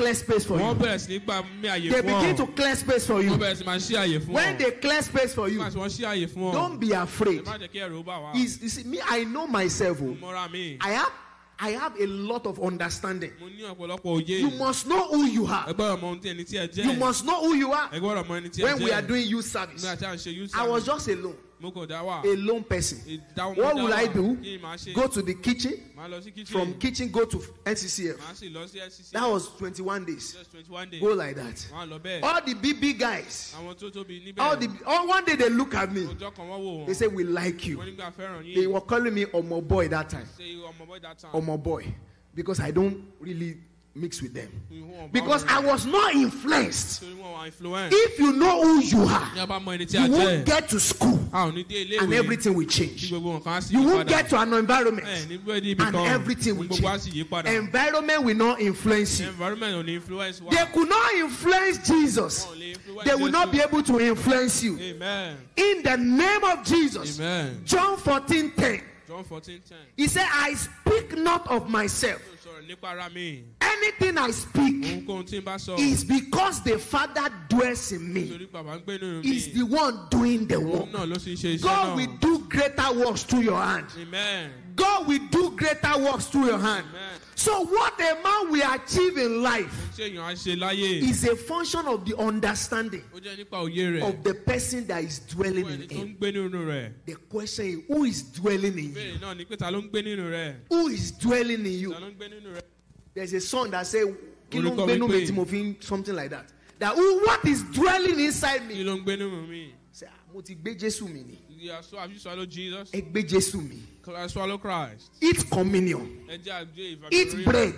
clear space for you. they begin to clear space for you. when they clear space for you. don't be afraid. ẹ má jẹ́ me I know myself o. I have I have a lot of understanding. You must know who you are. You must know who you are. When we are doing youth service. I was just alone. a lone person. What will I do? Go to the kitchen. From kitchen, go to NCCF. That was 21 days. Go like that. All the BB guys. All the, all one day they look at me. They say, We like you. They were calling me Omo Boy that time. Omo Boy. Because I don't really mix with them because I was not influenced. If you know who you are, you won't get to school ah, and everything will change. You won't get to an environment eh, and everything will change. Environment will not influence you. They could not influence Jesus, they will not be able to influence you. In the name of Jesus, John 14 10. John 14 10. He said, I speak not of myself. nípa mi. anything I speak. ohunkóhun tí n bá sọ. is because the father dwells in me. nítorí bàbá ń gbé nínú mi. is the one doing the work. òun náà ló sì ń ṣe iṣẹ́ náà. God will do greater works through your hand. amen. God will do greater works through your hand. So, what a man will achieve in life is a function of the understanding of the person that is dwelling in him. The question is who is dwelling in you? Who is dwelling in you? There's a song that says, something like that. That who, what is dwelling inside me? mo ti gbé jésù mi ni. so jesus. ẹ gbé jésù mi. Christ. Eat communion. Eat bread.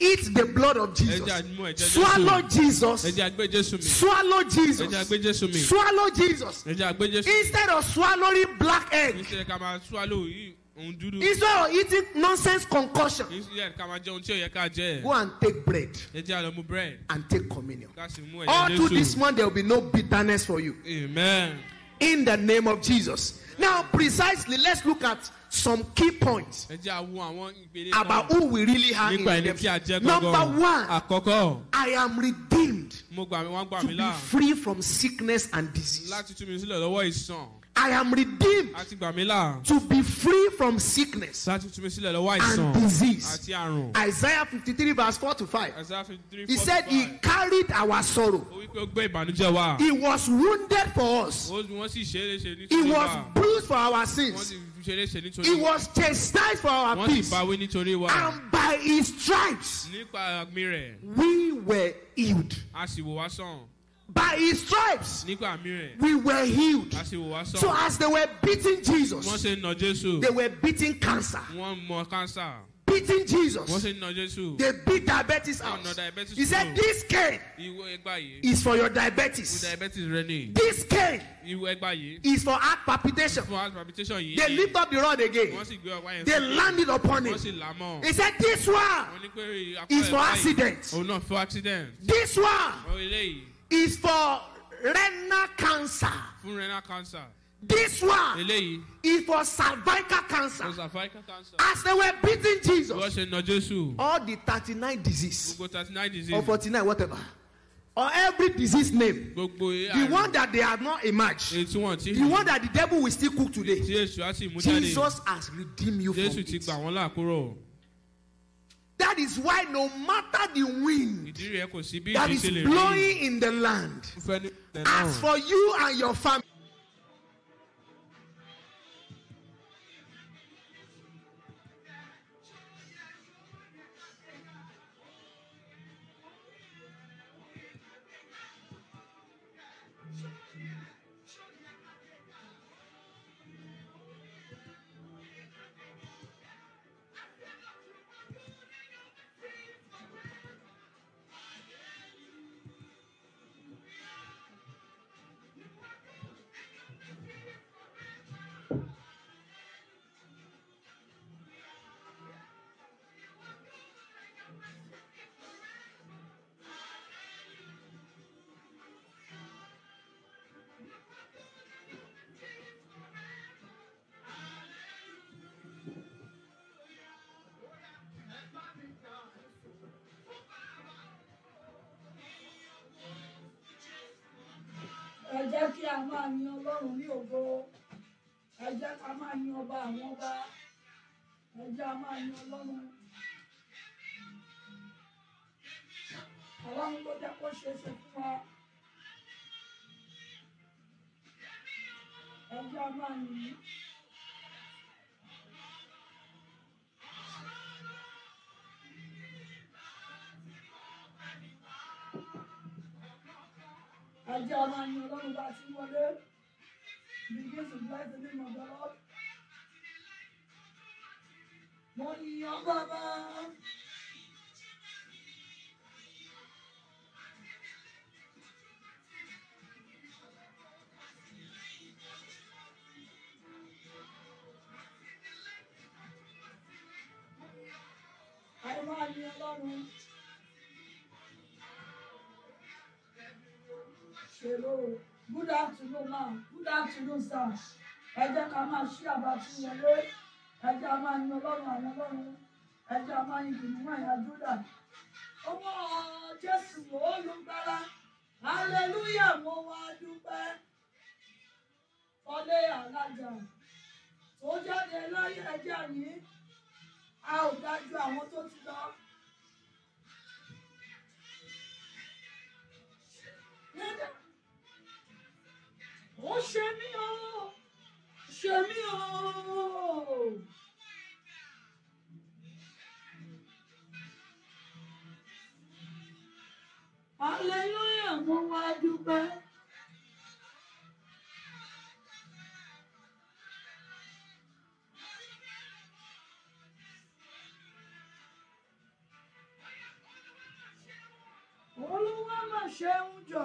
Eat the blood of Jesus. Swallow Jesus. Swallow Jesus. Swallow Jesus. Instead of swallowing black egg, Israel are eating nonsense concussion. Go and take bread and take communion. All through this month, there will be no bitterness for you. Amen. In the name of Jesus. Now, precisely, let's look at some key points about who we really are. In Number one, I am redeemed to be free from sickness and disease. I am redeemed to be free from sickness and disease. Isaiah 53 verse 4 to 5. He said he carried our sorrow. He was wounded for us. He was bruised for our sins. He was chastised for our peace. And by his stripes we were healed by his stripes we were healed. So as they were beating Jesus, they were beating cancer. One more cancer. Beating Jesus. They beat diabetes out. he said, This cane is for your diabetes. diabetes this cane is for heart palpitation. They lift up the rod again. They landed upon it. He said, This one is for accident. This one is for renal cancer. fún renal cancer. This one Eléyìí. is for cervical cancer. For cervical cancer. As they were beating Jesus. Wọ́n ṣe na Jésù. All the thirty-nine disease. Gbogbo thirty-nine disease. Or forty-nine whatever. Or every disease name. Gbogbo e The one that they have not emerged. Ètò wọn ti. The one that the devil will still cook today. Tí Èṣù á sì mú jáde. Jesus has redeemed you from it. Jésù ti gbà wọ́n láàkúrò. That is why no matter the wind that is blowing in the land, as for you and your family, ọba àwọn ọba ẹjẹ́ a máa yan ọlọ́run. ọlọ́run ló jẹ́ kó ṣe é ṣe fún wa. ẹjẹ́ a máa yìn ín. Ajá máa ń yan ọlọ́run bá ti wọlé. Begin to bless the name of the Lord mo yàn bàbá. Ẹ Hello. Good afternoon, ma'am. Good afternoon, sir. Ẹ jẹ́ ká máa ṣí àbá fún wọn lórí ẹjẹ́ a máa yin ọlọ́run àwọn ọlọ́run ẹjẹ́ a máa yin jùmọ̀ ẹ̀yà júdà ọmọ jésù olùgbàlà hallelujah mo wá dúpẹ́ ọlé alájà tó jáde láyé ẹjẹ́ mi a ò dájú àwọn tó ti lọ. ó ṣe mí ọ́ ṣe hallelujah mo wá dúpẹ́. olúwa mà ṣeun jọ.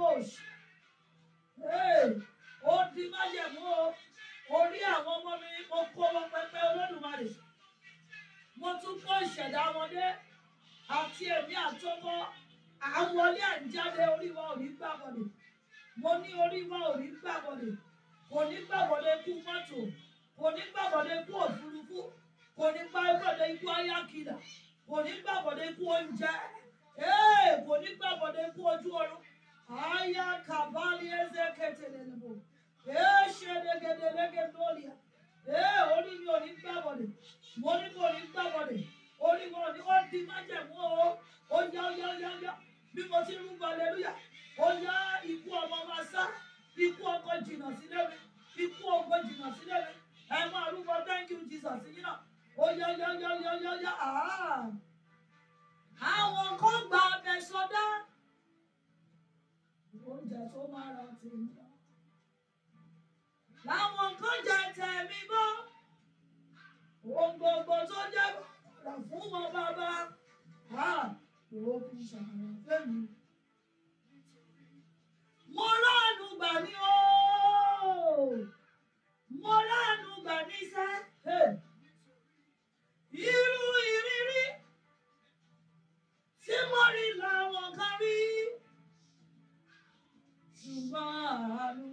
Amos ó di májẹ̀mú o orí àwọn ọmọ mi mo kó wọn pẹpẹ olódùmarè mo tún kó ìṣẹ̀dá wọn dé àti èmi àtọkọ àwọlé àjáde orí wa ò ní gbàgbọ́dẹ̀ mo ní orí wa ò ní gbàgbọ́dẹ̀ kò ní gbàgbọ́dẹ̀ kú mọ́tò kò ní gbàgbọ́dẹ̀ kú òfurufú kò ní gbàgbọ́dẹ̀ ikú ayákìlà kò ní gbàgbọ́dẹ̀ kú oúnjẹ kò ní gbàgbọ́dẹ̀ kú ojú ọrùn. Haya kabali eze ketelelebo. Eṣe degedege lóríà. Ee orí mi ò ní gbàbọ̀dẹ̀. Mo ní mo ní gbàbọ̀dẹ̀. Orí mi ò ní ó di májẹ̀mú o. Ó yá ó yá ó yá ó yá. Bí mo ti rú hallelujah. Ó yá ikú ọmọ máa sá. Ikú ọkọ jìnnà sílé mi. Ikú ọkọ jìnnà sílé mi. Ẹ máa rúbọ thank you Jesus yín náà. Ó yá ó yá ó yá ó yá ó yá. Àwọn kan gba ọbẹ̀ sọdá oúnjẹ tó máa ra tèmi. Láwọn kan jẹ tẹ̀mí mọ́. Ohun gbogbo tó jẹ́ rà fún wọn bàbá. Ìwọ kì í ṣàrà fẹ́mi. Mo ránu gbà ní ooo. Mo ránu gbà ní sẹ́. Irú ìrírí tí mo rí làwọn kan rí ṣùgbọ́n àánú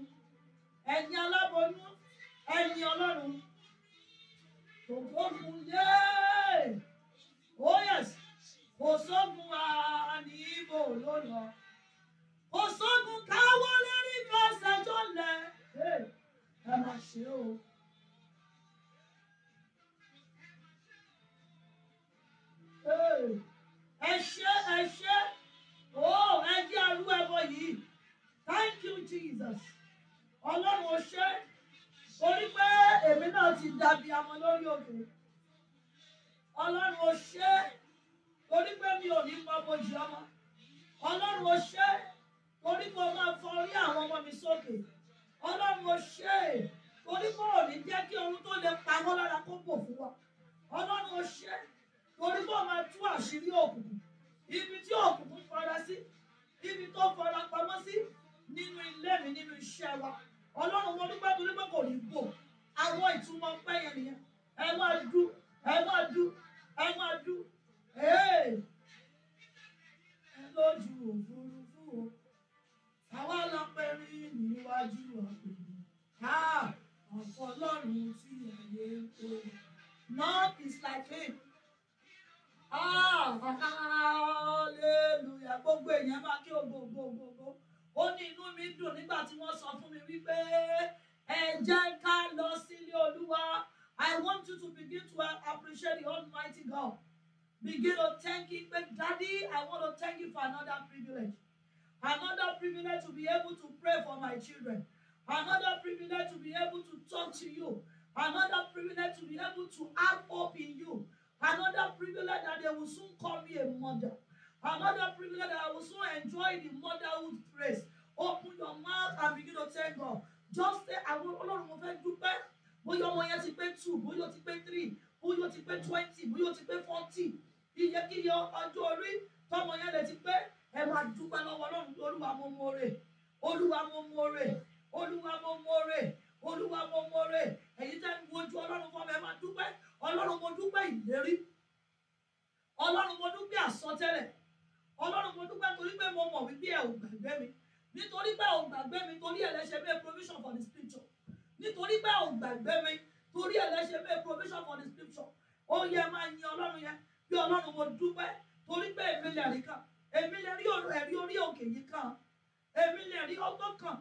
ẹ̀yin aláboyún ẹ̀yin ọlọ́run ògbógun yé oyes oh kò sógun àní ibò ló lọ kò sógun káwọ́ lérí fẹsẹ̀ tó lẹ̀ ẹ máa ṣe o. mo yí ọmọ ọlọ́run o ṣé torí kò máa fọ orí àwọn ọmọ mi sókè ọlọ́run o ṣé torí kò ní jẹ́ kí ohun tó lè pa wọ́n lára kó pò fún wa ọlọ́run o ṣé torí kò máa tú àṣírí òkùnkùn ibi tí òkùnkùn fara sí ibi tó fara pamọ́ sí nínú ilé mi nínú iṣẹ́ wa ọlọ́run wọn dúpẹ́ torí pé kò ní bò àwọn ìtumọ̀ pẹ́yẹ nìyẹn ẹ máa dú ẹ máa dú ẹ máa dú. Hey! lójú òfurufú o àwa lọ pẹ̀rí níwájú ọ̀gbìn ká ọ̀pọ̀ ọlọ́run tí ayé ń pè north is like rain hallelujah gbogbo èèyàn máa kí o gbogbogbò ó ní inú mi dùn nígbà tí wọ́n sọ fún mi wípé ẹ jẹ́ ká lọ sílé olúwa I want you to begin to appreciate the Almighty God. Begin to thank Him. But Daddy, I want to thank you for another privilege. Another privilege to be able to pray for my children. Another privilege to be able to talk to you. Another privilege to be able to have hope in you. Another privilege that they will soon call me a mother. Another privilege that I will soon enjoy the motherhood praise. Open your mouth and begin to thank God. Just say, I àwọn ọlọ́run mo fẹ́ dúpẹ́. Bóyá ọmọ yẹn ti pé two, bóyá ó ti pé three, bóyá ó ti pé twenty, bóyá ó ti pé forty iyekíye ọjọ́ orí tọmọ yẹn lè ti pé ẹ máa dúpẹ́ lọ́wọ́ ọlọ́run olúwa mo mọ̀ọ́rẹ́ olúwa mo mọ̀ọ́rẹ́ olúwa mo mọ̀ọ́rẹ́ olúwa mo mọ̀ọ́rẹ́ èyí tẹ́ ń wojú ọlọ́run fọmọ ẹ máa dúpẹ́ ọlọ́run mo dúpẹ́ ìlérí ọlọ́run mo dúpẹ́ àsọtẹ́lẹ̀ ọlọ́run mo dúpẹ́ torí pé mo mọ̀ wípé ẹ ò gbàgbé mi nítorí pé ò gbàgbé mi torí ẹ lè ṣe bẹ́ẹ̀ provision for the scripture nítorí pé ò gbàgbé mi torí ẹ lè ṣe bẹ́ẹ̀ provision for the scripture ó yẹ máa yin ọlọ́run yẹn bí ọlọ́run mo dúpẹ́ torí pé èmi lè rí kan èmi lè rí ẹ̀rí orí òkè yìí kan èmi lè rí ọgbọ́n kan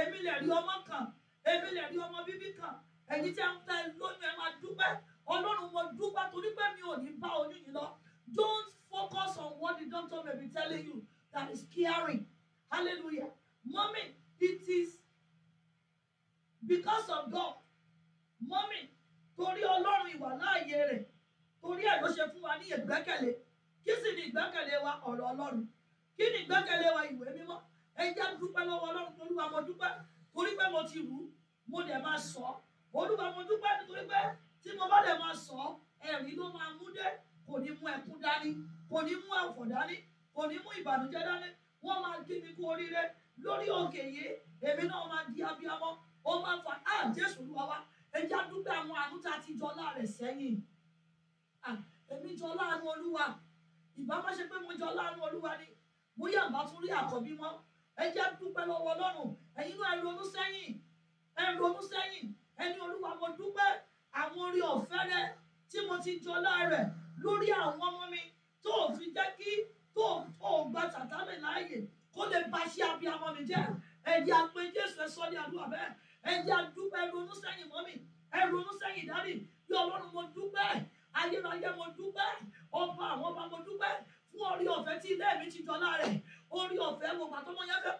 èmi lè rí ọmọ kan èmi lè rí ọmọ bíbí kan ẹ̀yin tí a ń tẹ lóyún ẹ máa dúpẹ́ ọlọ́run mo dúpẹ́ torí pé mi ò ní bá oyún yìí lọ don't focus on what the doctor may be telling you that is caring hallelujah mommy it is because of God mommy torí ọlọ́run ìwà láàyè rẹ̀ torí ẹ̀ ló ṣe fún wa ní ìgbẹ́kẹ̀lé kí sì ni ìgbẹ́kẹ̀lé wa ọ̀rọ̀ ọlọ́run kí ni ìgbẹ́kẹ̀lé wa ìwé mímọ́ ẹ jẹ́ dúpẹ́ lọ́wọ́ ọlọ́run olúwa mo dúpẹ́ torí pé mo ti rù ú mo dẹ̀ máa sọ ọ́ olúwa mo dúpẹ́ nítorí pé tí mo bá dẹ̀ máa sọ ọ́ ẹ̀rí ló máa mú dé kò ní mú ẹkún dání kò ní mú àwọ̀ dání kò ní mú ìbànújẹ́ dání wọ́n máa kí mi kú oríire lórí òkè yìí èmi náà máa di abiyamọ ó máa fà á ah, jésù olúwa wa ẹ jẹ́ dúpẹ́ àwọn àánú tá a ti jọ láàrẹ̀ sẹ́yìn èmi jọ láàánú olúwa ìbá má ṣe pé mo jọ láàánú olúwa ni bóyá àbá tún rí àkọ́bí mọ́ ẹ jẹ́ dúpẹ́ lọ́wọ́ ọlọ́run ẹ̀yin náà ẹ ronú sẹ́yìn ẹ ronú sẹ́yìn ẹni olúwa mo dúpẹ́ àwọn orí ọ̀fẹ́ rẹ tí mo ti jọ láàrẹ̀ lórí àwọn ọmọ mi tó o fi jẹ́ kí tó o gba tàtàmì láàyè kó lè ba ṣé abiyamọ mi jẹ́ ẹ jẹ́ apẹ jésù ẹ sọ ní àdúrà bẹ́ẹ̀ ẹ jẹ́ adúpẹ́ ronú sẹ́yìn まともに赤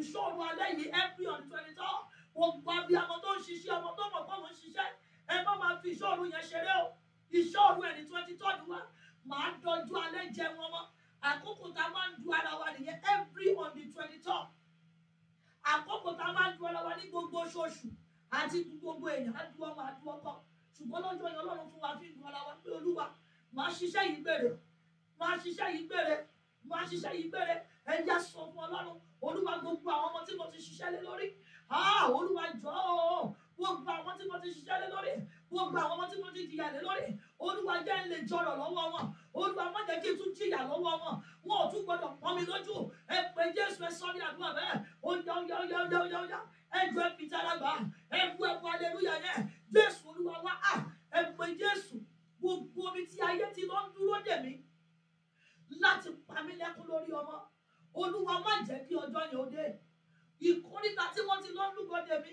ìṣòro alẹ́ yìí every on twenty four gbogbo abiyamọ tó ń ṣiṣẹ́ ọmọ tó mọ̀ pọ̀ mọ̀ ń ṣiṣẹ́ ẹ má máa fi ìṣòro yẹn ṣeré o ìṣòro ẹ̀ ní twenty third wa màá dọjú alẹ́ jẹ wọn mọ́ àkókò tá a máa ń du ara wa nìyẹn every on the twenty third àkókò tá a máa ń du ara wa ní gbogbo oṣooṣù àti gbogbo èèyàn á du ọmọ àdu ọkọ ṣùgbọ́n lọ́jọ́ yẹn ọlọ́run fún wa fi ń du ara wa pé olúwa màá ṣiṣẹ́ yìí gbèrè màá ṣiṣẹ́ yìí gbèrè màá ṣiṣẹ́ yìí gbèrè ẹ jẹ́ sọ fún ọlọ́run olúwa gbogbo àwọn ọmọ tí mo ti ṣiṣẹ́ lé lórí olúwa jọ̀ọ́ gbogbo àwọn tí mo ti ṣiṣẹ́ lé lórí gbogbo àwọn ọmọ tí mo ti jìyà lé lórí olúwa jẹ́ ń lè jọrọ̀ lọ́wọ́ wọn olúwa má jẹ́ kí n tún jìyà lọ́wọ́ wọn wọn ò tún gbọdọ̀ pọ́n mi lójú ẹ pé jésù ẹ sọ ní àdúrà bẹ́ẹ̀ ó yá ó yá ó yá ó yá ó yá ẹ jọ ẹ fi tára gbà ẹ bu ẹ bu aleluya yẹn jésù olúwa wá à ẹ pé jésù gbogbo omi tí ayé ti lọ ń dúró dè mí láti pa mí lẹ́kún lórí ọmọ olúwa má jẹ́ kí ọjọ́ yẹn ó dé ìkórìtà tí wọ́n ti lọ lúgọ́dẹ mi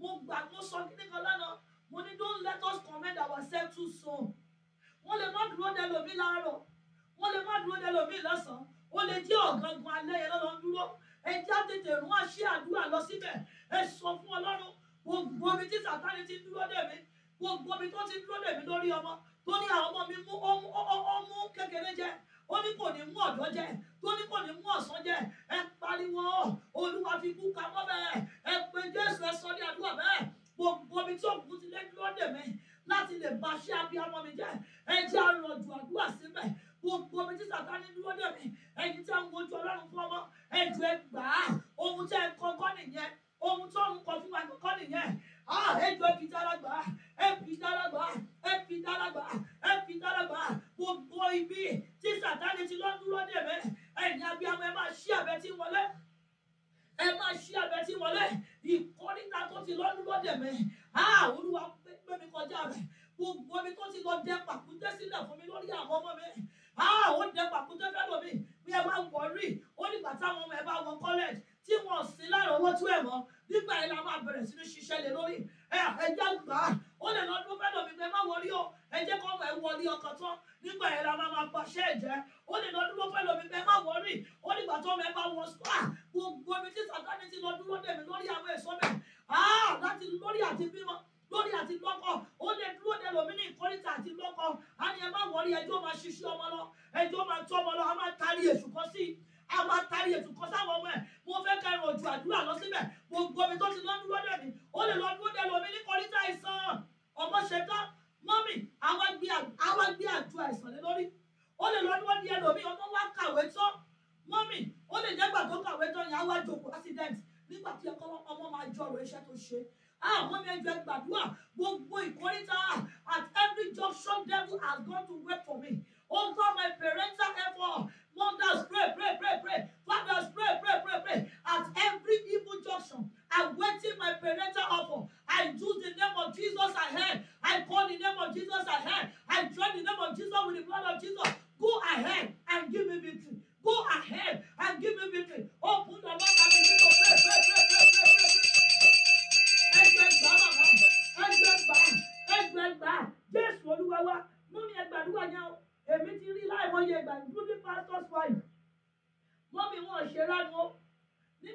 mo gbà mo sọ kí nìkan lánàá mo ní don't let us commend ourselves too soon wọ́n lè má dúró dé lómi láàárọ̀ wọ́n lè má dúró dé lómi lọ́sàn-án ó lè jẹ́ ọ̀gángan alẹ́ yẹn lọ́lọ́ dúró ẹ já tètè rún àṣẹ àdúrà lọ síbẹ̀ ẹ sọ fún ọlọ́run gbogbo omi tí sàtáni ti dúró dè mí gbogbo omi tó ti dúró dè mí lórí ọmọ tó ní àwọn ọmọ mi mú ọmú kékeré jẹ ó ní kò ní mú ọ̀dọ́ jẹ tó ní kò ní mú ọ̀sán jẹ ẹ pariwo olúwa fi kú ka mọ́ bẹ́ẹ̀ ẹ pé jésù ẹ sọ ní àdúrà bẹ́ẹ̀ gbogbo omi tí òkú ti lé lọ́dẹ̀ mi láti lè bá ṣé abiyamọ mi jẹ ẹ jẹ́ àrọ̀jù àdúrà síbẹ̀ gbogbo omi tí sàtáni lọ́dẹ̀ mi ẹni tí àwọn ojú ọlọ́run fún ọmọ ẹ jù ẹ gbà á ohun tí ẹ kọ́kọ́ nìyẹn ohun tó ń kọ fún wa kọ́kọ́ nìyẹn ẹ jù ẹ fi dára gbà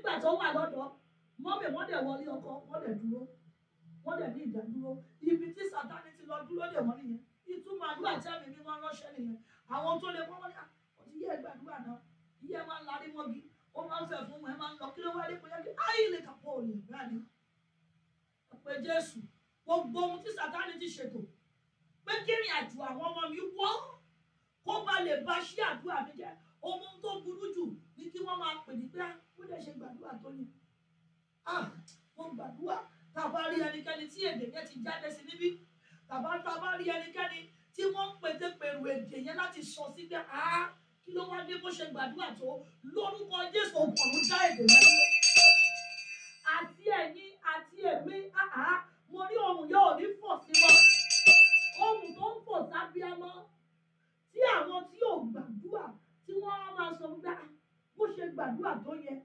nígbà tó wà lọ́dọ̀ mọ́mì wọ́n dẹ̀ wọlé ọkọ wọ́n dẹ̀ dúró wọ́n dẹ̀ ní ìdádúró ibi tí sátánì ti lọ dúró dè wọ́n nìyẹn ìtumọ̀ àdúrà tí àmì mímọ́ ránṣẹ́ nìyẹn àwọn tó lè wọ́n yá ó ti yẹ ẹgbẹ́ àdúrà náà iye máa ń larí mọ́gi ó máa ń fẹ́ fún wọn ẹ máa ń lọ kí ló wá dé kó kí ayé lè kàpọ̀ òòlù ìgbà ni pé Jésù gbogbo ohun tí sátánì ti ṣètò pé kírìn àjò àwọn ọmọ mi wọ́ kó ba lè ba ṣí àdúrà mi jẹ́ ohun tó burú jù ni kí wọ́n máa pè ní pé bó dẹ̀ ṣe gbàdúrà tó yẹn ah mo gbàdúrà tàbá rí ẹnikẹ́ni tí èdè yẹn ti jáde sí níbí tàbá tàbá rí ẹnikẹ́ni tí wọ́n ń pété èdè yẹn láti sọ sí pé ah, kí ló wá dé bó ṣe gbàdúrà tó lórúkọ Jésù ọkùnrin já èdè yẹn lọ àti ẹ̀yin àti èmi ah mo rí ohun yóò ní fọ̀ sí wọn ohun tó ń fọ̀ sábíámọ tí àwọn tí ò gbàdúrà tí wọ́n á máa sọ wípé ah, bó ṣe gbàdúrà tó yẹ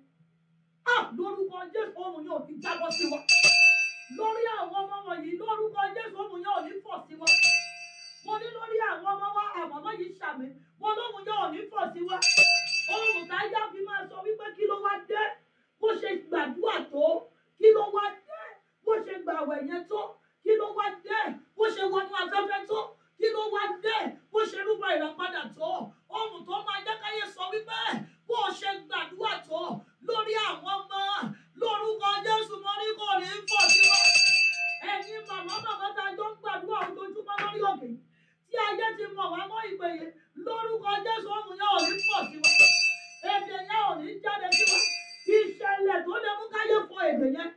Ah, lórúkọ jésù ọmọ yẹn ò ní jábọ́ sí wa lórí àwọn ọmọ wọ̀nyí lórúkọ jésù ọmọ yẹn ò ní pọ̀ sí wa mo ní lórí àwọn ọmọ wa àmọ́mọ́ yìí ṣàmì wọn lóhùn yẹn ò ní pọ̀ sí wa ohun táyà fi máa sọ wípé kí ló wá dé bó ṣe gbàdúrà tó kí ló wá dé bó ṣe gbàwẹ̀ yẹn tó kí ló wá dé bó ṣe wọnú afẹ́fẹ́ tó kí ló wá dé bó ṣe rúbọ ìràpadà tó ohun tó máa jẹ́ káyé sọ wípé bó ṣe gbàdúrà tó lórí àwọn ọmọ lórúkọ Jésù mo ní kò ní fọ́ sí wọn ẹ̀yin màmá bàbá tá a jọ ń gbàdúrà ojoojúmọ́ lórí òkè tí ayé ti mọ̀ wá mọ́ ìpèyè lórúkọ Jésù ọmọ yẹn ò ní fọ́ sí wọn èdè yẹn ò ní jáde sí wọn ìṣẹ̀lẹ̀ tó lè mú káyé fọ èdè yẹn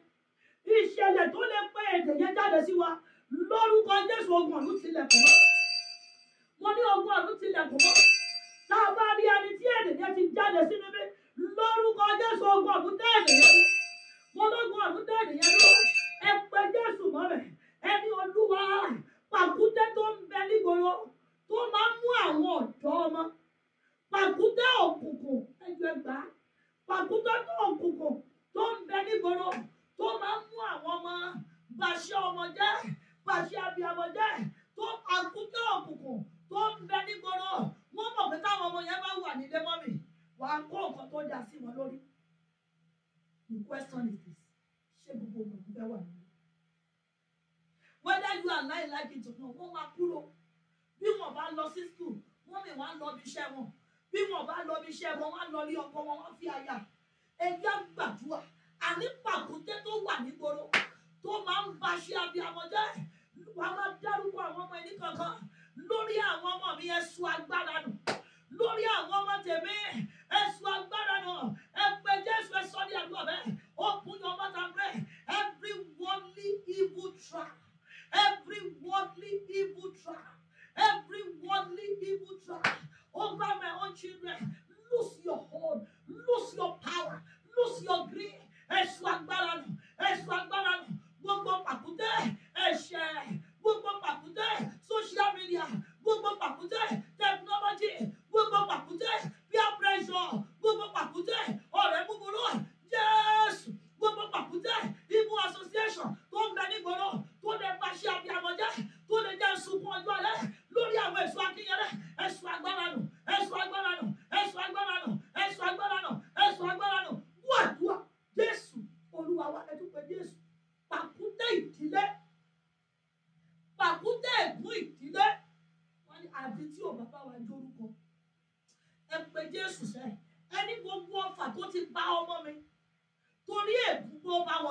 ìṣẹ̀lẹ̀ tó lè pẹ́ èdè yẹn jáde sí wa lórúkọ Jésù ogun ọ̀lú tilẹ̀ kọ́.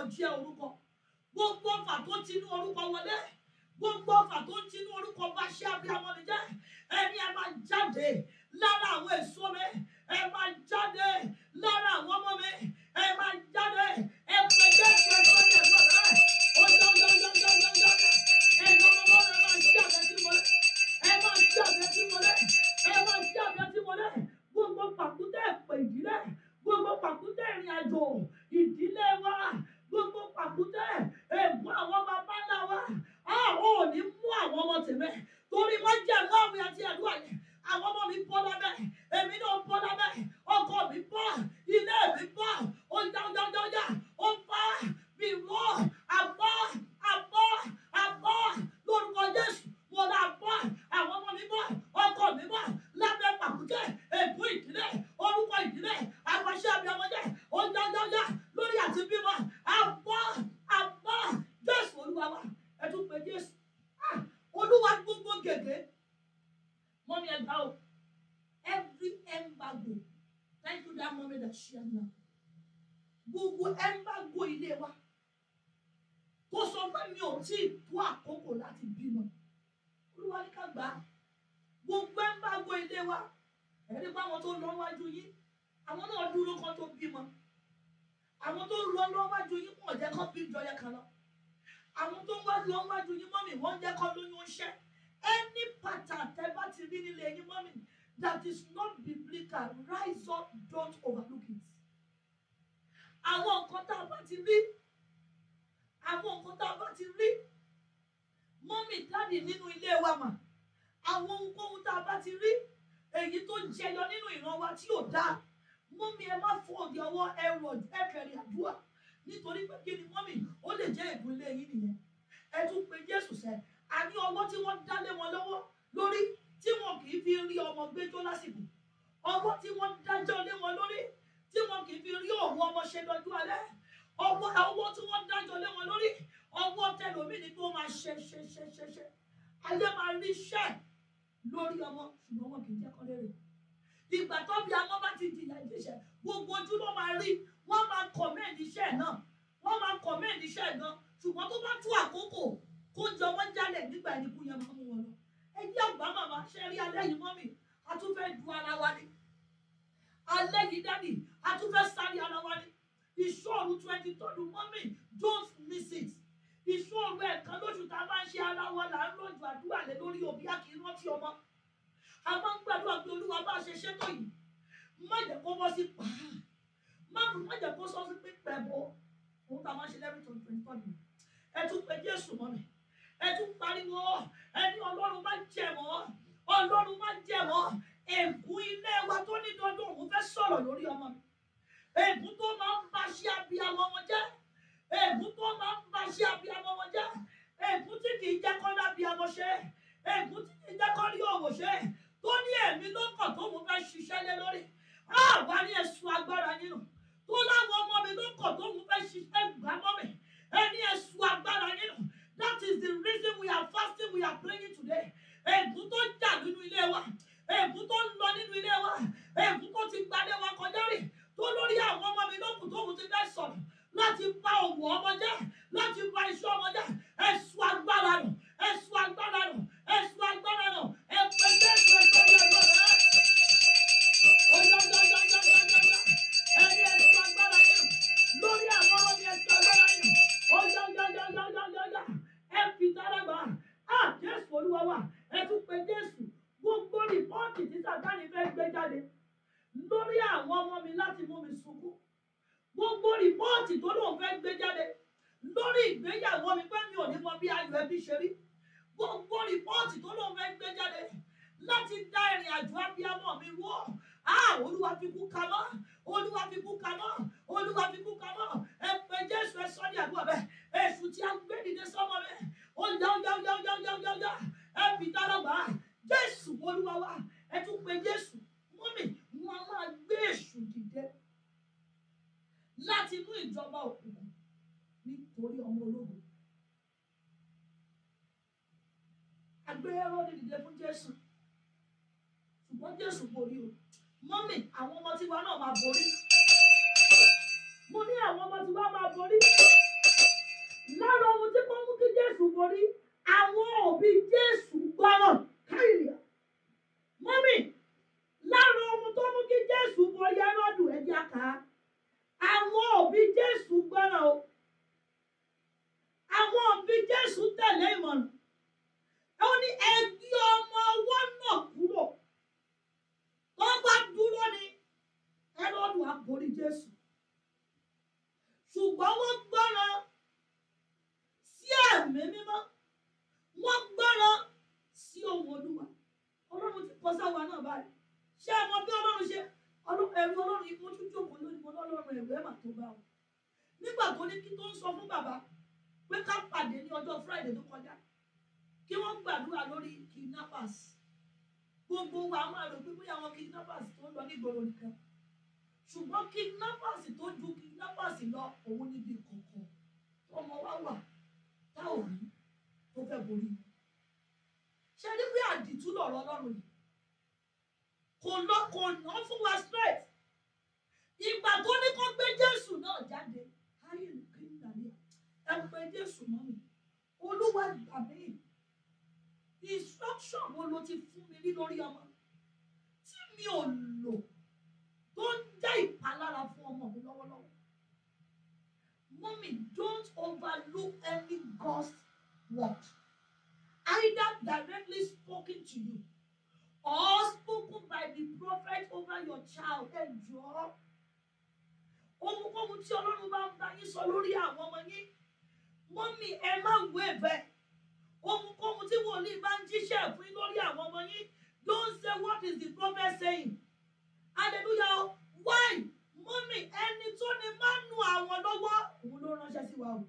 ò jẹ́ orúkọ gbogbo ọfà tó ti inú orúkọ wọlé gbogbo ọfà tó ti inú orúkọ bá ṣe abiyamọ mi jẹ́ ẹni ẹ máa jáde lára àwọn èso rẹ̀ níbi nílé yín that is not biblical rise up don't overlook it. àwọn nǹkan tá a bá ti rí àwọn nǹkan tá a bá ti rí mọ́mì dáàdì nínú ilé wa mà àwọn ohunkóhun tá a bá ti rí èyí tó jẹyọ nínú ìran wa tí ò dáa mọ́mì ẹ má fọ òde ọwọ́ ẹ rọ̀ àdúrà nítorí pé kí ni mọ́mì ó lè jẹ́ ìpínlẹ̀ yín nìyẹn ẹ tún pe Jésù sẹ́ a ní ọwọ́ tí wọ́n dá lé wọn lọ́wọ́ lórí tí wọn kì í fi rí ọmọ gbé tó lásìkò ọwọ́ tí wọ́n dájọ́ lé wọn lórí tí wọn kì í fi rí òun ọmọ ṣe lọ́jọ́ alẹ́ ọwọ́ ọwọ́ tí wọ́n dájọ́ lé wọn lórí ọwọ́ tẹlómìn ni kí wọ́n máa ṣe ṣe ṣe ṣe ṣe ayé máa rí iṣẹ́ lórí ọmọ ṣùgbọ́n wọn kì í jẹ́ kọ́ lérè ìgbà tó bí ọmọ bá ti di ìyá ìṣẹ̀ṣẹ̀ gbogbo ojú ló máa rí wọ́n máa kọ̀mẹ́ẹ̀dì iṣẹ́ náà wọ́n máa kọ̀mẹ́ẹ̀dì iṣẹ́ náà ṣùgbọ́n tó bá tú àkókò kó jọ wọ́n jálẹ̀ nígbà ìdíkú yẹn máa mú wọn lọ ẹ àgbà màmá ṣe rí alẹ́ yìí mọ́mì a tún fẹ́ du ara wa ni alẹ́ yìí dádì a tún fẹ́ sáré ara wa ni ìṣòro twenty tọ́dù mọ́mì don't miss it ìṣòro ẹ̀kan lóṣù tá bá ń ṣe ara wa là ń rọ̀jò àdúrà lé lórí òbí àkì rántí ọmọ a máa ń gbàdúrà pé olúwa bá ṣe ṣètò yìí má jẹ́ kó bọ́ sí pàá má má jẹ́ kó sọ sí pípẹ́ bọ́ òun tá a máa ṣe lẹ́rìí twenty tọ́dù ẹ tún pè Jésù mọ́mì ẹ tún pariwo ẹni ọlọ́run má jẹ mọ́ ọlọ́run má jẹ mọ́ ègún ilé wa tó ní dandan òun fẹ́ sọ̀rọ̀ lórí ọmọ mi ègún tó máa ń ba ṣe abiyamọ wọn jẹ́ ègún tó máa ń ba ṣe abiyamọ wọn jẹ́ ègún tí kì í jẹ́ kọ́ lábiyamọ ṣe ègún tí kì í jẹ́ kọ́ rí òwò ṣe tó ní ẹ̀mí ló tó mo fẹ́ ṣiṣẹ́ lé lórí àwa ní ẹ̀sùn agbára nínú tó láwọn ọmọ mi ló Jésù ṣùgbọ́n wọ́n gbọ́ràn sí ẹ̀mí mímọ́ wọ́n gbọ́ràn sí ohun olúwa ọlọ́run ti kọ́ sáwa náà báyìí ṣé ẹ mọ bí ọlọ́run ṣe ẹ̀rù ọlọ́run ikú tún jókòó lórí mo lọ́lọ́run ẹ̀rù ẹ̀ mà tó bá wọn nígbà tó ní kí tó ń sọ fún bàbá pé ká pàdé ní ọjọ́ Friday tó kọjá kí wọ́n gbàdúrà lórí kidnappers gbogbo wa máa rò pé bóyá àwọn kidnappers tó ń lọ nígboro nìkan ṣùgbọ́n kidnappers tó ju kidnappers lọ òun níbi kọ̀ọ̀kan ọmọ wa wà tá ò rí tó fẹ́ borí wọn ṣe rí pé àdìtú lọ̀rọ̀ ọlọ́run yìí kò lọ kò ná fún wa straight ìgbà tó ní kó gbé Jésù náà jáde ayé lùkì nàlẹ́ ẹ pé Jésù mọ́ mi olúwa gbà mí instruction wo ló ti fún mi ní lórí ọmọ tí mi ò lò tó ń jẹ́ ìpalára fún ọmọ mi lọ́wọ́lọ́wọ́. Mommy, don't overlook any God's word, either directly spoken to you or spoken by the prophet over your child. Ẹ jọ̀ọ́. Ohunkóhun tí Ọlọ́run bá ń bá yín sọ lórí àwọn ọmọ yín. Mọ́mì ẹ má wé bẹ́ẹ̀. Ohunkóhun tí wòlíì bá ń jíṣẹ́ fún yín lórí àwọn ọmọ yín. Don't say what is the prophet saying hallelujah o why mommy? ẹni tó ní mánú àwọn lọ́wọ́ òun ló ránṣẹ́ sí wa o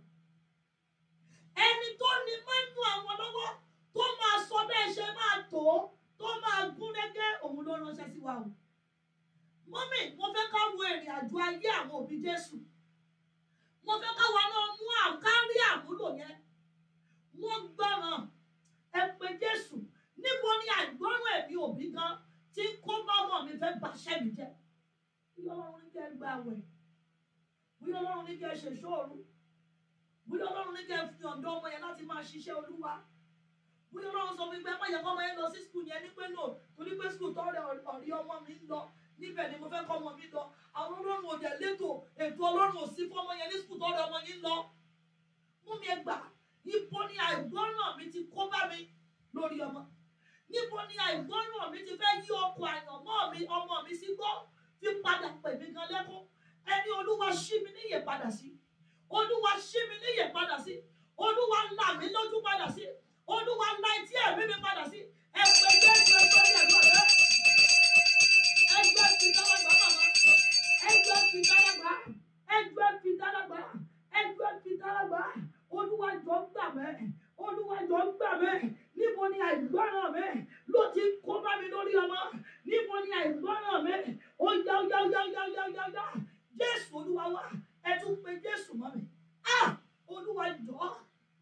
ẹni tó ní mánú àwọn lọ́wọ́ tó máa sọ bẹ́ẹ̀ ṣe máa tó tó máa gún rẹ́gẹ́ òun ló ránṣẹ́ sí wa o mọ́mì mo fẹ́ ká wo ìrìn àjò ayé àwọn òbí Jésù mo fẹ́ ká wa náà mú àkárí àmúlò yẹn wọ́n gbọ́ràn ẹ pé Jésù níbo ni àìgbọ́ràn ẹ̀mí òbí gan-an tí kó mọ́mọ́ mi fẹ́ baṣẹ́ mi jẹ́ bí ọlọ́run ní kẹ́ ẹ gba àwẹ̀ bí ọlọ́run ní kẹ́ ẹ ṣe ṣóòru bí ọlọ́run ní kẹ́ ẹ fi ọ̀dọ́ ọmọ yẹn láti máa ṣiṣẹ́ olúwa bí ọlọ́run sọ fún mi pé má yẹ kọ́ ọmọ yẹn lọ sí skul yẹn ní pé no torí pé skul tọ́ rẹ ọ̀rí ọmọ mi ń lọ níbẹ̀ ni mo fẹ́ kọ́ ọmọ mi lọ àwọn ọlọ́run ò dẹ̀ létò ètò ọlọ́run ò sí fún ọmọ yẹn ní skul tọ́ rẹ ọmọ yín lọ mú mi gbà ibo ni àìgbọ́ràn mi ti kó bá mi lórí ọmọ níbo ni àìgbọ́ràn mi ti fẹ́ yí ọkọ̀ àyànmọ́ mi ọmọ mi sí gbọ́ fi padà pè gan lẹ́kún ẹni olúwa ṣí mi níyè padà sí olúwa ṣí mi níyè padà sí olúwa là mí lójú padà sí olúwa là etí ẹ̀mí mi padà sí ẹgbẹ́ jẹ́ ẹgbẹ́ tó yẹ lọ rẹ ẹgbẹ́ fi dálágbá màmá ẹgbẹ́ fi dálágbá ẹgbẹ́ fi dálágbá ẹgbẹ́ fi dálágbá olúwa jọ ń gbà mẹ́ olúwa jọ ń gbà mẹ́ níbo ni àìgbọràn mi ló ti kó bá mi lórí ọmọ níbo ni àìgbọràn mi ó yá ó yá ó yá ó yá ó yá ó yá jésù olúwa wá ẹ tún pe jésù mọ́ mi ah olúwa jọ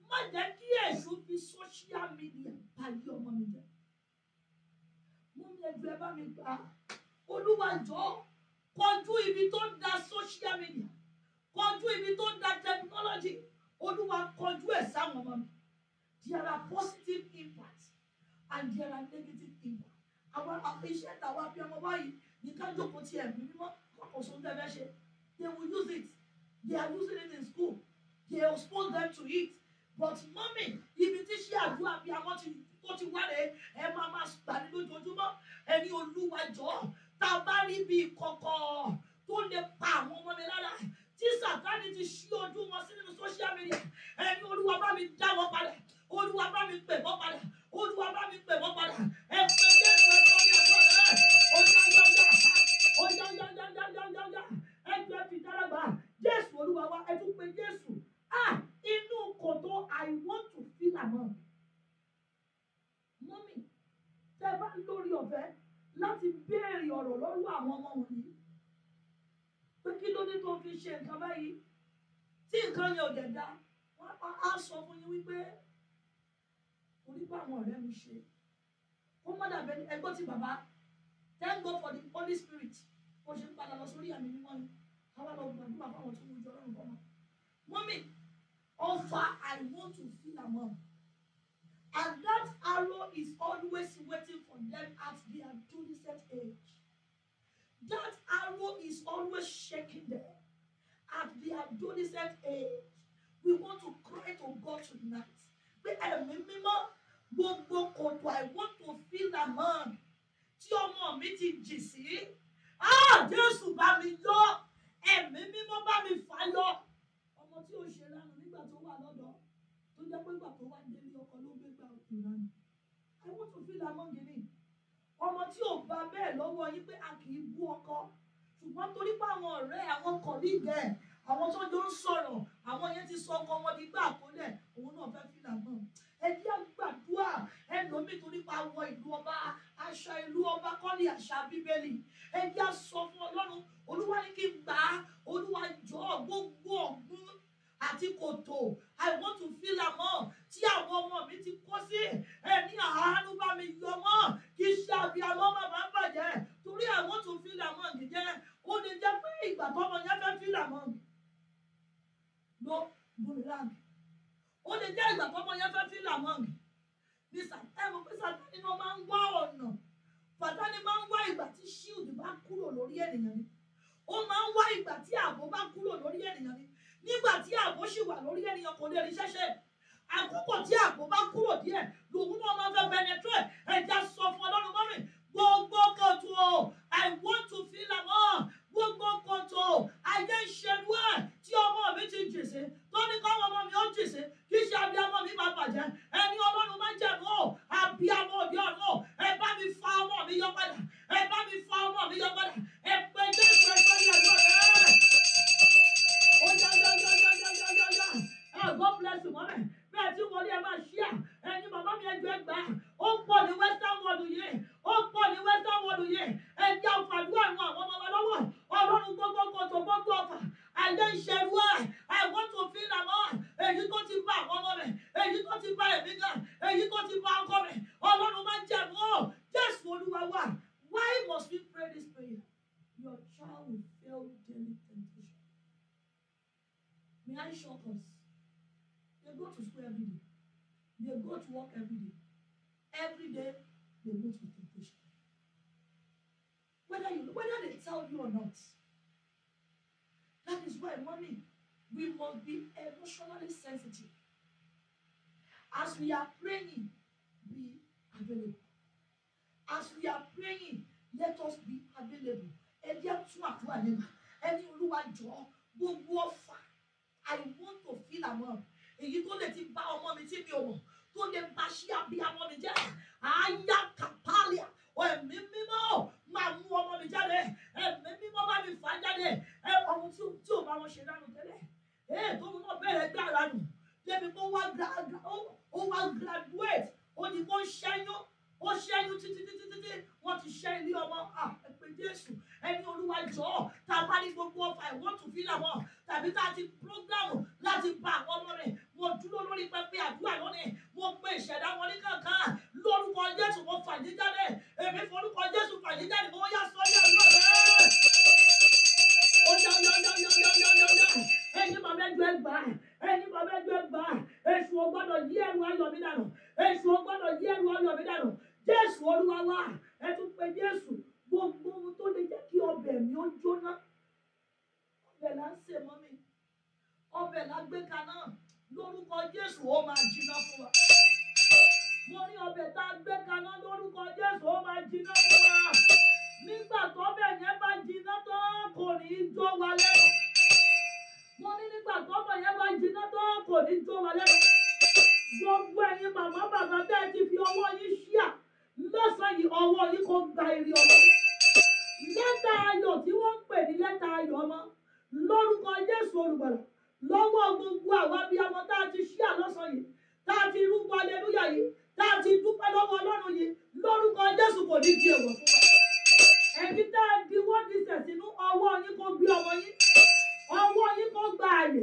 má jẹ́ kí èṣù fi social media báyìí ọmọ mi jẹ́ mú mi ẹgbẹ́ bá mi gbà olúwa jọ kọjú ibi tó ń da social media kọjú ibi tó ń da technology olúwa kọjú ẹ̀ sáwọn ọmọ mi. There are positive impacts and there are negative impacts. Àwọn iṣẹ́ tàwọn abiyamọ báyìí ní kájọpọ̀ ti ẹ̀mí mímọ́ kọ̀ọ̀kan sóun tẹ́ fẹ́ ṣe. They will use it. They are using it in school. They expose them to it. But mọ́mì ibi tí ṣé àdúrà abiyamọ tó ti wá rẹ̀ ẹ máa máa gbà ní lójoojúmọ́ ẹni olúwa jọ̀ọ́ tá a bá rí bíi kọ̀kọ̀. as we are praying let us be available ẹ jẹ́ tún àdúrà nígbà ẹni olúwa jọ gbogbo ọ̀fà i want to feel among èyí tó lè ti bá ọmọ mi tí mi ò mọ̀ tó lè bá ṣí abí ọmọ mi jẹ́ àyà kàpálíà ẹ̀mí mímọ́ máa mú ọmọ mi jáde ẹ̀mí mímọ́ bá mi fà jáde ẹ ọ̀hún tí ò bá wọn ṣe lánàá tẹ́lẹ̀ ẹ̀ tó mú náà bẹ̀rẹ̀ gbára nù débi kó wá graduate ó ní kó ṣẹ́yún ó ṣẹ́yún títí títí títí wọ́n ti ṣẹ́ ilé ọmọ ẹ̀pẹ̀ jésù ẹni olúwa jọ tá a bá ní gbogbo ọfà ìwọ́n tún fi làwọn tàbí tá a ti prógrámù láti bá àwọn ọmọ rẹ̀ mo dúró lórí pẹpẹ àdúrà lónìí mo pe ìṣẹ̀dá wọn ní kankan lórúkọ jésù mo fàyè jáde èmi forúkọ jésù fàyè jáde mo yá sọ́yà lọ́rẹ́ ó yá yá yá yá yá yá yá yá ẹ̀yin bàbá ẹjọ́ ẹgbàá ẹ̀yin bàbá ẹjọ́ ẹgbàá èṣù ò gbọ́dọ̀ yí ẹrù ayọ̀ mi dànù èṣù ò gbọ́dọ̀ yí ẹrù ayọ̀ mi dànù jésù olúwa wá ẹ tún pé jésù gbogbo ohun tó lè jẹ́ kí ọbẹ̀ mi ó jóná ọbẹ̀ là ń sè mọ́ mi ọbẹ̀ là gbé kaná lórúkọ jésù ó máa jiná fún wa mo ní ọbẹ̀ tá a gbé kaná lórúkọ jésù ó máa jiná fún wa nígbà tọ́bẹ̀ yẹn bá jiná tán kò ní í jó wa lẹ́nu mo ní nígbà tọ́bẹ̀ yẹn bá jiná tán kò ní í jó wa lẹ́nu gbogbo ẹ̀yin màmá bàbá bẹ́ẹ̀ ti fi ọwọ́ yín ṣíà lọ́sàn-án yìí ọwọ́ yìí kò gba èrè ọmọ lẹ́tà ayọ̀ tí wọ́n ń pè ní lẹ́tà ayọ̀ ọmọ lórúkọ Jésù olùgbàlà lọ́wọ́ gbogbo àwọn abiyamọ tá a ti ṣí àlọ́sàn yìí tá a ti rúkọ aleluya yìí tá a ti dúpẹ́ lọ́wọ́ Ọlọ́run yìí lórúkọ Jésù kò ní di èèwọ̀ fún wa ẹ̀yin tá a di wọ́n ti sẹ̀ sínú ọwọ́ yín kò gbé ọmọ yín ọwọ́ yín kò gba àyè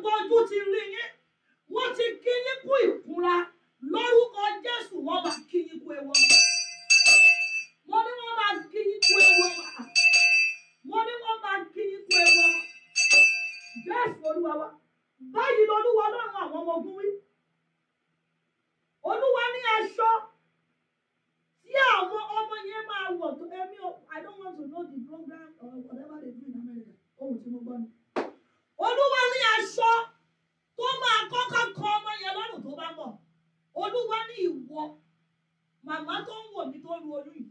gbogbo ojú ti rí yín wọ́n ti kí yín kú ìkúra lórúkọ Jésù wọ́n máa kí yín kú ewu ọmọ mo ní wọ́n máa kí yín kú ewu ọmọ mo ní wọ́n máa kí yín kú ewu ọmọ Jésù Olúwa wa báyìí lolúwa Ọlọ́run àwọn ọmọ ogun wí Olúwa ní aṣọ tí àwọn ọmọ yẹn máa wọ̀ tó ẹ̀mí I don't want to know the program or whatever they do in America ohun tí mo gbọ́ ni olúwa ní aṣọ tó máa kọ́kọ́ kan ọmọ yẹn lọ́rùn tó bá mọ̀ olúwa ní ìwọ màmá tó ń wò mí tó ru olú yìí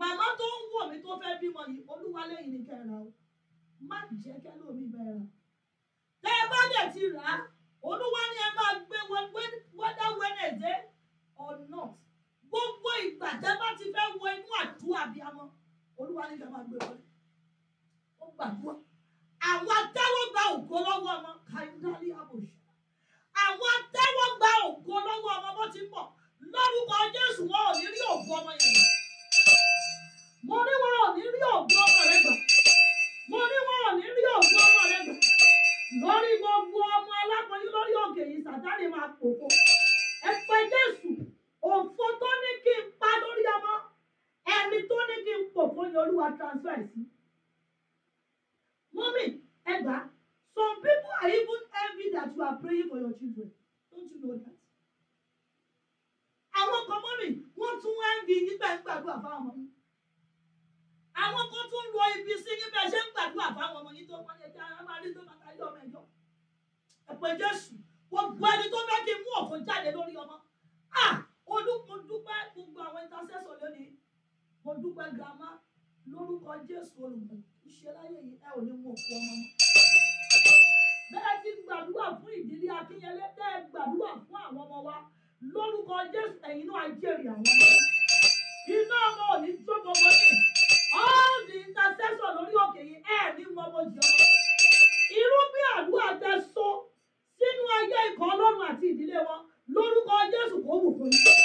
màmá tó ń wò mí tó fẹ́ bímọ yìí olúwa lẹ́yìn ní kẹrà o má jẹ́ kẹ́lò mi bẹ̀rẹ̀ tẹ́ ẹ bá dẹ̀ ti rà á olúwa ní ẹ máa gbé wẹ́dá wẹ́nẹ̀dẹ́ or not gbogbo ìgbà tẹ́ bá ti fẹ́ wọ inú àdúrà bíi amọ́ olúwa ní kẹ́ máa gbé wọlé ó gbàdúrà àwọn atẹ́wọ́gbà ògo lọ́wọ́ ọmọ kàńdálí àbòsí àwọn atẹ́wọ́gbà ògo lọ́wọ́ ọmọ bó ti ń bọ̀ lórúkọ Jésù wọn ò ní rí ògo ọmọ yẹn gbà mo ní wọn ò ní rí ògo ọmọ rẹ gbà mo ní wọn ò ní rí ògo ọmọ rẹ gbà lórí gbogbo ọmọ aláboyún lórí òkè yìí sàtáni máa pòfo ẹ pé Jésù òfo tó ní kí n pa lórí ọmọ ẹni tó ní kí n pòfo ni Olúwa transfer sí. Mommy, Edda, some people are even envy that you are praying for your children. Don't you know that? Àwọn kan mọ́mì wọ́n tún envy nígbà gbàdúrà fáwọn ọmọ yìí. Àwọn kan tún rọ ibi sí nígbà ṣé ń gbàdúrà fáwọn ọmọ yìí tó wọ́n lè jẹ́ ara máa rí tó máa ta ilé ọmọ ẹ̀jọ́. Ẹ̀pẹ́ Jésù, wọ́n gbọ́ ẹni tó fẹ́ kí n mú ọ̀fọ̀ jáde lórí ọmọ. Ah! Olúkọ dúpẹ́ gbogbo àwọn intercessor lónìí. Mo dúpẹ́ grandma lórúkọ Jésù olùgbàlà ìṣeláyé yìí ẹ ò ní mú òkú ọmọ mọ́. bẹ́ẹ̀ ti gbàdúrà fún ìdílé akínyẹlé bẹ́ẹ̀ gbàdúrà fún àwọn ọmọ wa lórúkọ jésù ẹ̀yin náà jèrè àwọn ọmọ iná ọmọ ò ní tó gbogbo ní all the intercessor lórí òkè yìí ẹ ní mọmọ jẹ ọmọ irú bí àdúrà tẹ so sínú ayé ikọ̀ ọlọ́run àti ìdílé wọn lórúkọ jésù kò wù fún yín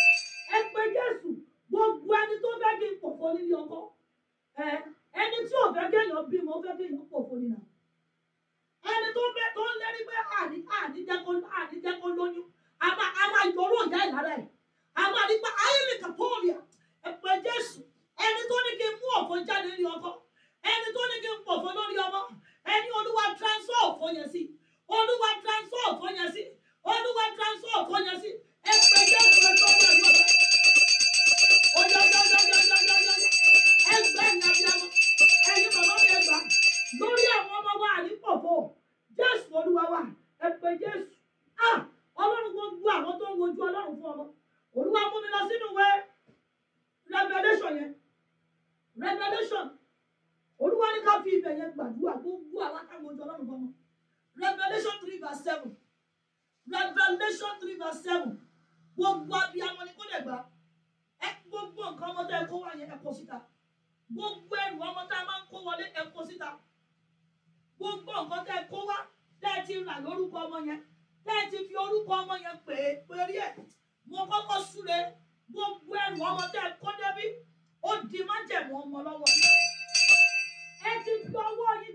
ẹ pé jésù gbogbo ẹni tó fẹ́ kí n pòfo nílé ọkọ ẹ ẹni tí ò fẹ́ kéèyàn bímọ ó fẹ́ kéèyàn pò fún nínà ẹni tó fẹ́ tó ń lérí pé àníjẹ́ kó lóyún a máa yọrọ ìyá ìlara ẹ̀ a máa rí pé ayé mi kà pọ́ọ̀lì ẹ̀pẹ́ Jésù ẹni tó ní kí n mú ọ̀fọ̀ jáde ní ọkọ ẹni tó ní kí n pọ̀fọ̀ lórí ọmọ ẹni olúwa transfer ọ̀fọ̀ yẹn sí olúwa transfer ọ̀fọ̀ yẹn sí olúwa transfer ọ̀fọ̀ yẹn sí ẹ̀pẹ́ Jésù ẹ̀tọ́ pẹ̀lú ọ̀ lórí àwọn ọmọ wa àyípọ̀fọ̀ jésù olúwa wa ẹ pé jésù ọlọ́run gbogbo àwọn tó ń wojú ọlọ́run fún ọmọ olúwa mú mi lọ sínú ìwé revelation yẹn revelation olúwa ní ká fi ibẹ̀ yẹn gbàdúrà gbogbo àwọn akáwọn ojú ọlọ́run fún ọmọ revelation three verse seven revelation three verse seven gbogbo abiyamọ ni kò lè gbà ẹ gbogbo nǹkan ọmọ ẹ kó wá yẹn ẹ kó síta gbogbo ẹrù ọmọ a máa ń kó wọlé ẹ kó síta gbogbo nǹkan tẹ́ kó wá tẹ́ ti rà lórúkọ ọmọ yẹn tẹ́ ti fi orúkọ ọmọ yẹn pè é péré ẹ̀ mo kọ́kọ́ súre gbogbo ẹrù ọmọ tẹ́ kó débi ó di májẹ̀mú ọmọ lọ́wọ́ yẹn ẹ ti fi ọwọ́ yẹn.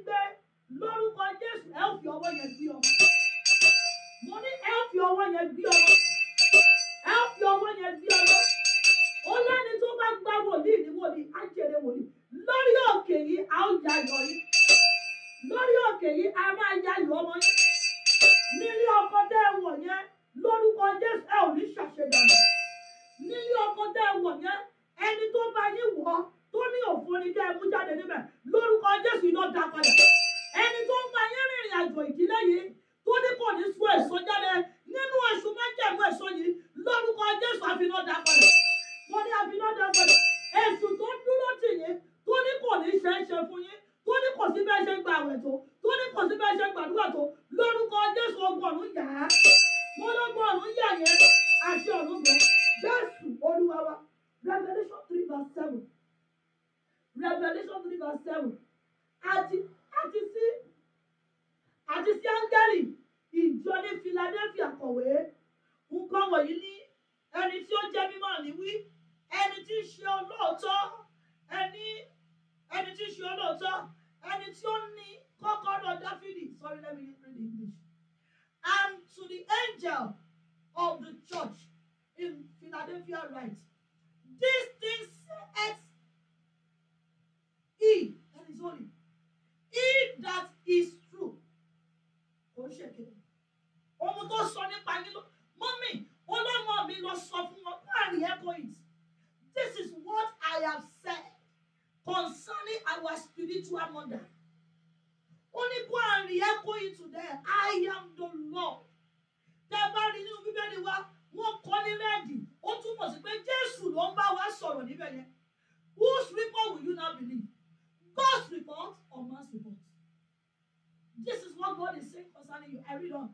carry on.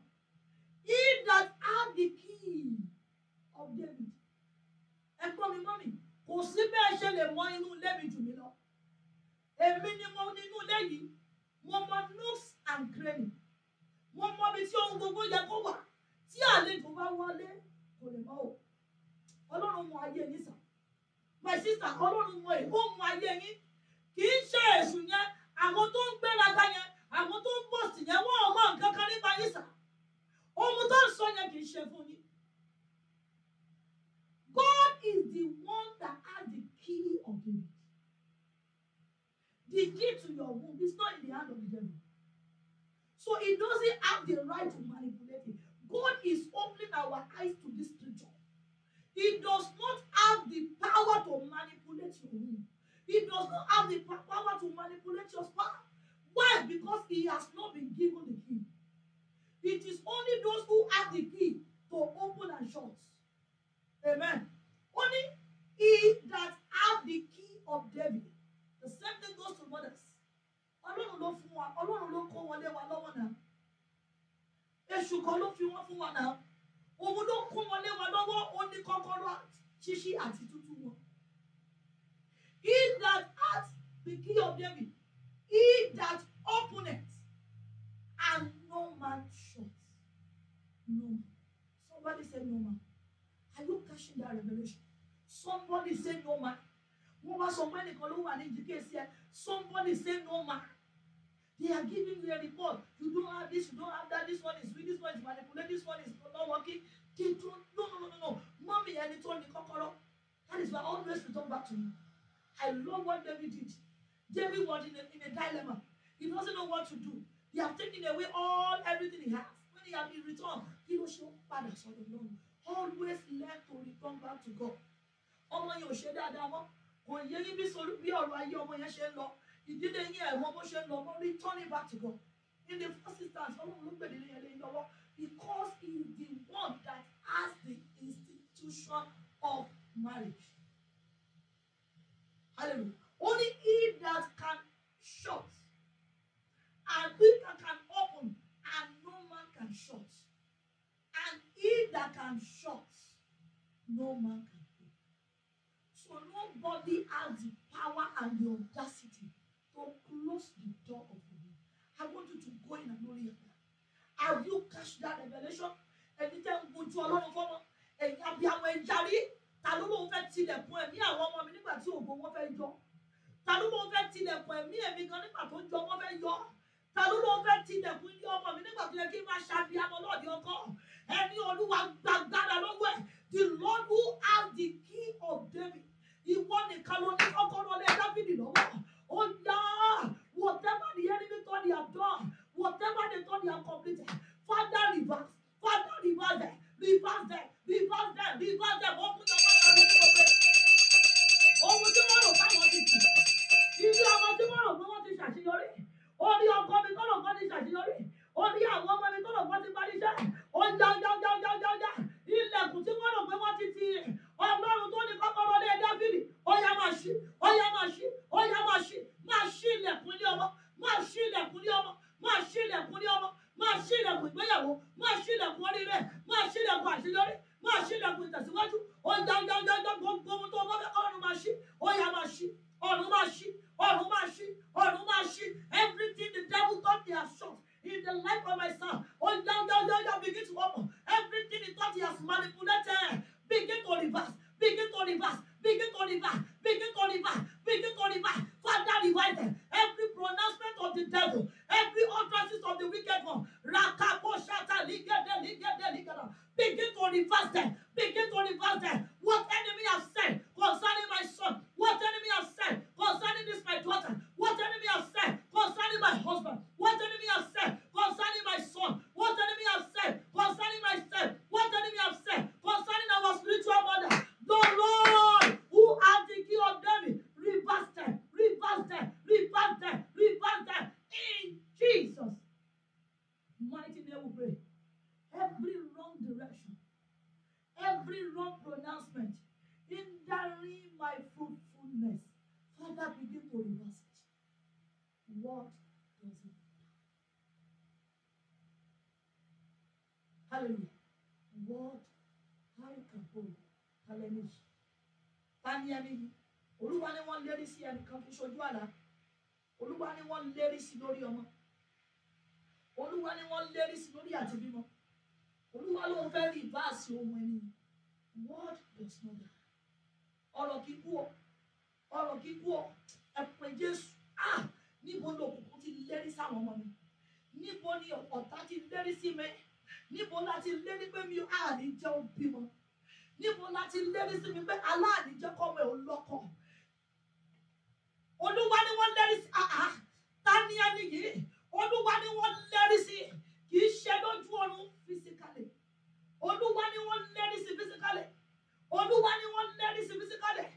He that had the key of David. Ẹ gbọ́ mi mọ́ mi, kò sí bẹ́ẹ̀ ṣe lè mọ inú ilé mi jù mí lọ. Èmi ni mo ní inú ilé yìí, mo mọ nooks and cranny. Mo mọ ibi tí ohun gbogbo yẹ kó wà. Tí àlejò bá wọlé, kò lè mọ́ o. Ọlọ́run mọ ayé yín sàn. My sister, Ọlọ́run mọ èkó mọ ayé yín. Kì í ṣe èṣù yẹn, àwọn tó ń gbéraga yẹn àwọn tó ń bọ̀ sí yẹn wọ́n ọmọ nǹkan kan nípa yín sà ohun tó ń sọ yẹn kì í ṣe fún yín. God is the one that has the key of David. The key to your womb is not in the hand of the devil. So he doesn't have the right to manipulate it. God is opening our eyes to this scripture. He does not have the power to manipulate your womb. He does not have the power to manipulate your spouse. Why? Because he has not been given the key. It is only those who have the key to open and shut. Amen. Only he that have the key of David. The same thing goes to mothers. Ọlọ́run fún wa, Ọlọ́run ló kó wọn wa lọ́wọ́ náà. Èṣù kan ló fi wọ́n fún wa náà. Òun ló kó wọn wa lọ́wọ́, ó kọ́kọ́rọ́ ṣíṣí àti tútù wọn. He that has the key of David. He that openeth and no man shuts. No man. Somebody said no man. Are you catching that revelation? Somebody said no man. Wọ́n wá sọ pé nìkan ló wà ní GKC Somebody said no man. They are giving you a report. You don't have this, you don't have that. This one is weak, this one is manipulated, this one is not working. They don't, no, no, no, no, no. Mommy, ẹni call ní kọ́kọ́rọ́. That is why I always return back to you. I love what David did. David was in a, in a dilemma. He doesn't know what to do. He have taken away all everything he has. When he has been returned, he will show padà sọ́dọ̀ lọ́run. Always learn to return back to God. Ọmọ yẹn ò ṣe dáadáa mọ́. Kò yẹ yín bí ọ̀rọ̀ ayé ọmọ yẹn ṣe ń lọ. Ìdílé yín ẹ̀mọ́ bó ṣe ń lọ mọ́. Returning back to God. In the first instance, Ọlọ́run ló gbèdé yẹn lé lọ́wọ́. Because he is the one that has the institution of marriage. Hallelujah. Only he that can shut, and he that can open, and no man can shut. And he that can shut, no man can open. So nobody has the power and the audacity to close the door of the room. I want you to go in and only that. Have you catch that revelation? Anytime we Ẹni tẹ́ ń gbojú ọlọ́run fọ́mọ, ẹ̀yin abiyamọ ẹ̀ jáde, ta ló lóun fẹ́ tilẹ̀kùn ẹ̀mí one more minute nígbà tí ògo wọn fẹ́ jọ ta ló ló ń fẹ́ tilẹ̀kùn ẹ̀mí ẹ̀mí gan nígbà tó ju ọmọ fẹ́ yọ ta ló ló ń fẹ́ tilẹ̀kùn ilé ọmọ mi nígbà tó yẹ kí n máa ṣàfihàn ọlọ́ọ̀dì ọkọ ẹni olúwa gbàgbára lọ́wọ́ ẹ̀ the Lord who has the key of David ìwọ nìkan ló ní kọ́kọ́rọ́ lé Dáfídì lọ́wọ́ ó yá whatever the enemy thought they have done whatever they thought they have completed father reverse father reverse them reverse them reverse them reverse them ó mú ìjọba lọ́wọ́ ní ọ̀gbẹ́ ohun tí wọ́n rò fáwọn ti tì. Ilé ọmọ tí wọ́n rò pé ti ṣàṣeyọrí. Orí ọkọ mi tó rò ti ṣàṣeyọrí. Orí àwọn ọmọ mi tó rò ti parí iṣẹ́. Ó ń já ó já ó tí wọ́n rò pé wọ́n ti ti ẹnìkan fi ṣojú àlá olúwa ni wọ́n lérí sí lórí ọmọ olúwa ni wọ́n lérí sí lórí àti bímọ olúwa ló ń fẹ́ rí ìbáàsì ohun ẹni word does not die ọ̀rọ̀ kíkú ọ ọ̀rọ̀ kíkú ọ ẹ̀pẹ̀ jésù ah níbo ni òkùnkùn ti lérí sáwọn ọmọ mi níbo ni ọ̀tá ti lérí sí mi níbo láti lérí pé mi àárín jẹ́ òbí mọ́ níbo láti lérí sí mi pé aláàdíjẹ́ mi ò lọ́kọ̀ọ́ olúwa ni wọ́n lẹ́rí sí ah, ah, ta ni ẹni yìí olúwa ni wọ́n lẹ́rí sí kì í ṣe lójú ọ̀run fisikálẹ̀ olúwa ni wọ́n lẹ́rí sí fisikálẹ̀ olúwa ni wọ́n lẹ́rí sí fisikálẹ̀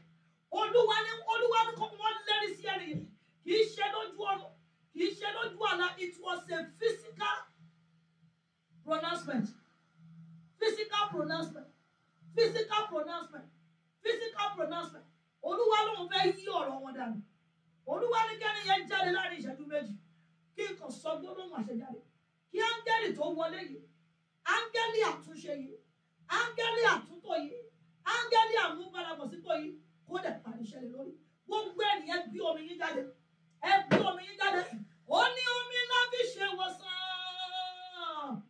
olúwa ni olúwa ni wọ́n lẹ́rí sí ẹni yìí kì í ṣe lójú ọ̀run kì í ṣe lójú àlá it was a physical pronouncement physical pronouncement physical pronouncement physical pronouncement olúwa ló ń fẹ́ yí ọ̀rọ̀ wọn dànù olúwa ní kẹ́ni yẹn jáde láàrin ìṣẹ́jú méjì kí ikọ̀ sọ gbólóhùn àṣẹjáde kí áńgẹ́lì tó wọlé yìí áńgẹ́lì àtúnṣe yìí áńgẹ́lì àtúntò yìí áńgẹ́lì àmúbalàbọ̀sípò yìí kó dẹ̀ pàdéṣẹ́lẹ̀ lórí gbogbo ènìyàn gbé omi yín jáde ẹ gbé omi yín jáde ó ní omi ńlá fi ṣe wòsàn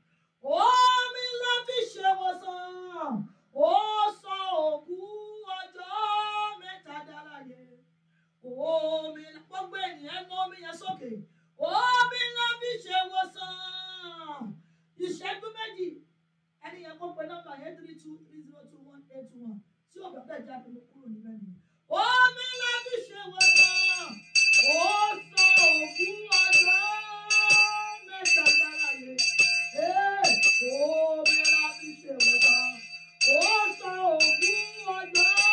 omi ńlá fi ṣe wòsàn ó sọ. omi gbogbo ènìyàn mú omi yẹn sókè omi ńlá fi ṣe wòsàn ìṣẹ́jú méjì ẹni yẹn kó pe nọ́mbà eight three two three zero two one eight two one tí òbí ọ̀bẹ jáde ló kúrò níbẹ̀ ni omi ńlá fi ṣe wòsàn ó sọ òkú ọjọ́ mẹ́ta dára yẹ omi ńlá fi ṣe wòsàn ó sọ òkú ọjọ́.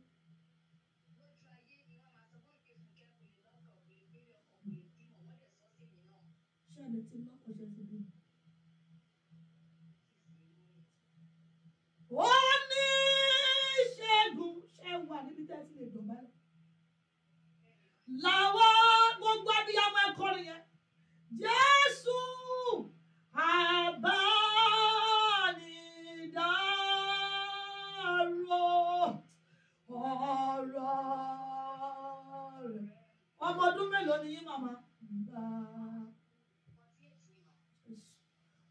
ẹni tí má kọ̀ṣẹ́ sí bí. ó ní ṣẹ́gun ṣe wà níbi tẹ́ ti lè dọ̀bálẹ̀. làwọn gbogbo abiyamọ ẹ̀kọ́ nìyẹn jésù àbánidáró ọ̀rọ̀ rẹ̀ ọmọ ọdún mélòó ni yín màmá.